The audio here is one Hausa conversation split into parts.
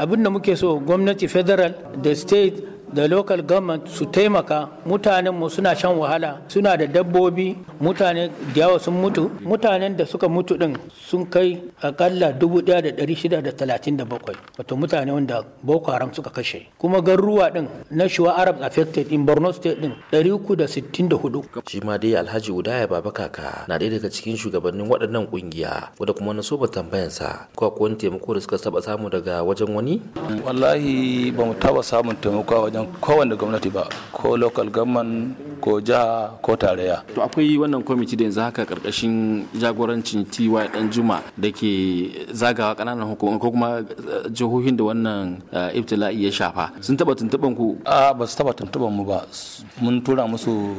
abin da muke so gwamnati federal da state da local government su taimaka mutanen mu suna shan wahala suna da dabbobi mutane da yawa sun mutu mutanen da suka mutu din sun kai akalla 1637 wato mutane wanda boko haram suka kashe kuma garuruwa din na shuwa arab affected in borno state din 364 shi ma dai alhaji udaya baba kaka na ɗaya daga cikin shugabannin waɗannan kungiya wanda kuma na so ba sa ko akwai taimako da suka saba samu daga wajen wani wallahi ba mu taba samun taimako wajen don kowanne gwamnati ba ko local government ko jiha ko tarayya to akwai wannan kwamiti da yanzu haka karkashin jagorancin ty dan juma da ke zagawa kananan hukumar ko kuma eh, jihohin da wannan eh, iftila'i ya shafa sun taba tuntuban ku a ba su taba tuntuban mu ba mun tura musu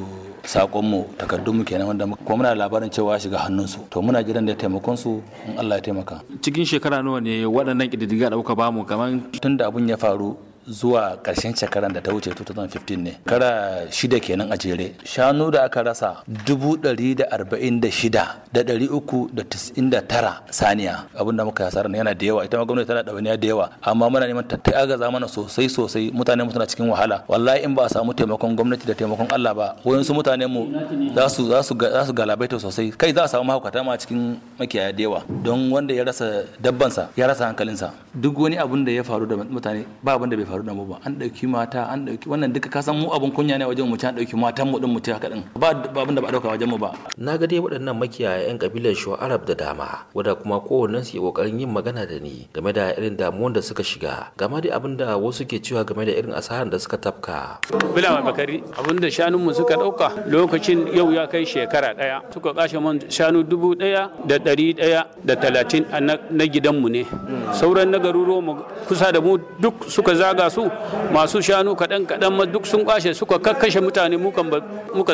sakonmu takardunmu kenan wanda kuma muna labarin cewa shiga hannunsu to muna jiran da taimakon su in Allah ya taimaka cikin shekara nawa ne waɗannan ƙididdiga da kuka bamu kamar tun da abun ya faru zuwa ƙarshen shekaran da ta wuce 2015 ne kara shida kenan a jere shanu da aka rasa 146,399 saniya abinda muka hasara yana da yawa ita ma gwamnati tana ɗawainiya da yawa amma muna neman ta agaza mana sosai sosai mutane mu suna cikin wahala wallahi in ba a samu taimakon gwamnati da taimakon Allah ba wayansu mutane mu za su za su galabaita sosai kai za a samu mahaukata ma cikin makiyaya da yawa don wanda ya rasa dabbansa ya rasa hankalinsa duk wani abun da ya faru da mutane ba abin da bai faru da mu ba an ɗauki mata an ɗauki wannan duka kasan mu abin kunya ne wajen mu an ɗauki matan mu din mu ta haka din ba abin da ba ɗauka wajen mu ba na ga dai waɗannan makiyaya yan kabilar shuwa arab da dama wanda kuma kowannen su yi kokarin yin magana da ni game da irin damuwan da suka shiga game da abin da wasu ke cewa game da irin asaran da suka tafka bilawa bakari abin da shanun mu suka ɗauka lokacin yau ya kai shekara ɗaya suka kashe man shanu dubu ɗaya da ɗari ɗaya da talatin na gidanmu ne sauran na garuruwa kusa da mu duk suka zaga daga su masu shanu kaɗan kaɗan duk sun kwashe suka kakkashe mutane muka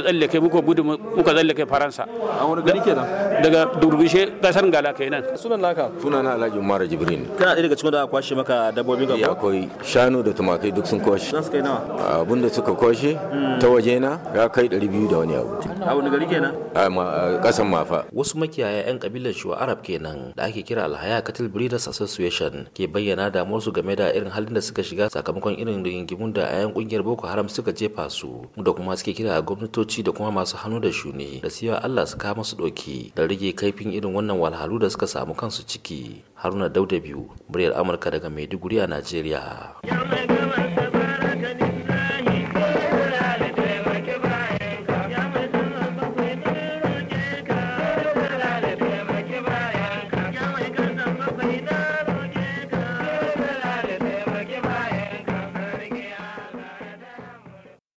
tsallake muka gudu muka tsallake faransa daga durbishe kasar gala kenan sunan naka na alhaji umar jibrin kana ɗaya daga cikin da kwashe maka dabbobi ga akwai shanu da tumakai duk sun kwashe za kai nawa abun suka kwashe hmm. ta waje na ya kai 200 da wani abu abu da gari kenan a kasan mafa wasu makiyaya yan kabilar shuwa arab kenan da ake kira alhaya Katil breeders association ke bayyana damuwarsu game da irin halin da suka shiga sakamakon irin rigingimun da 'ya'yan kungiyar boko haram suka jefa su da kuma suke kira a gwamnatoci da kuma masu hannu da shuni da siya allah su kama su ɗauki da rage kaifin irin wannan walhalu da suka samu kansu ciki haruna dauda biyu muryar amurka daga maiduguri a najeriya